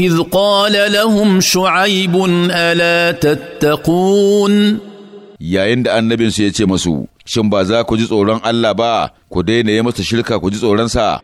اذ قال لهم شعيب yayin da annabinsu ya ce masu shin ba za ku ji tsoron Allah ba ku daina yi masa shirka ku ji tsoronsa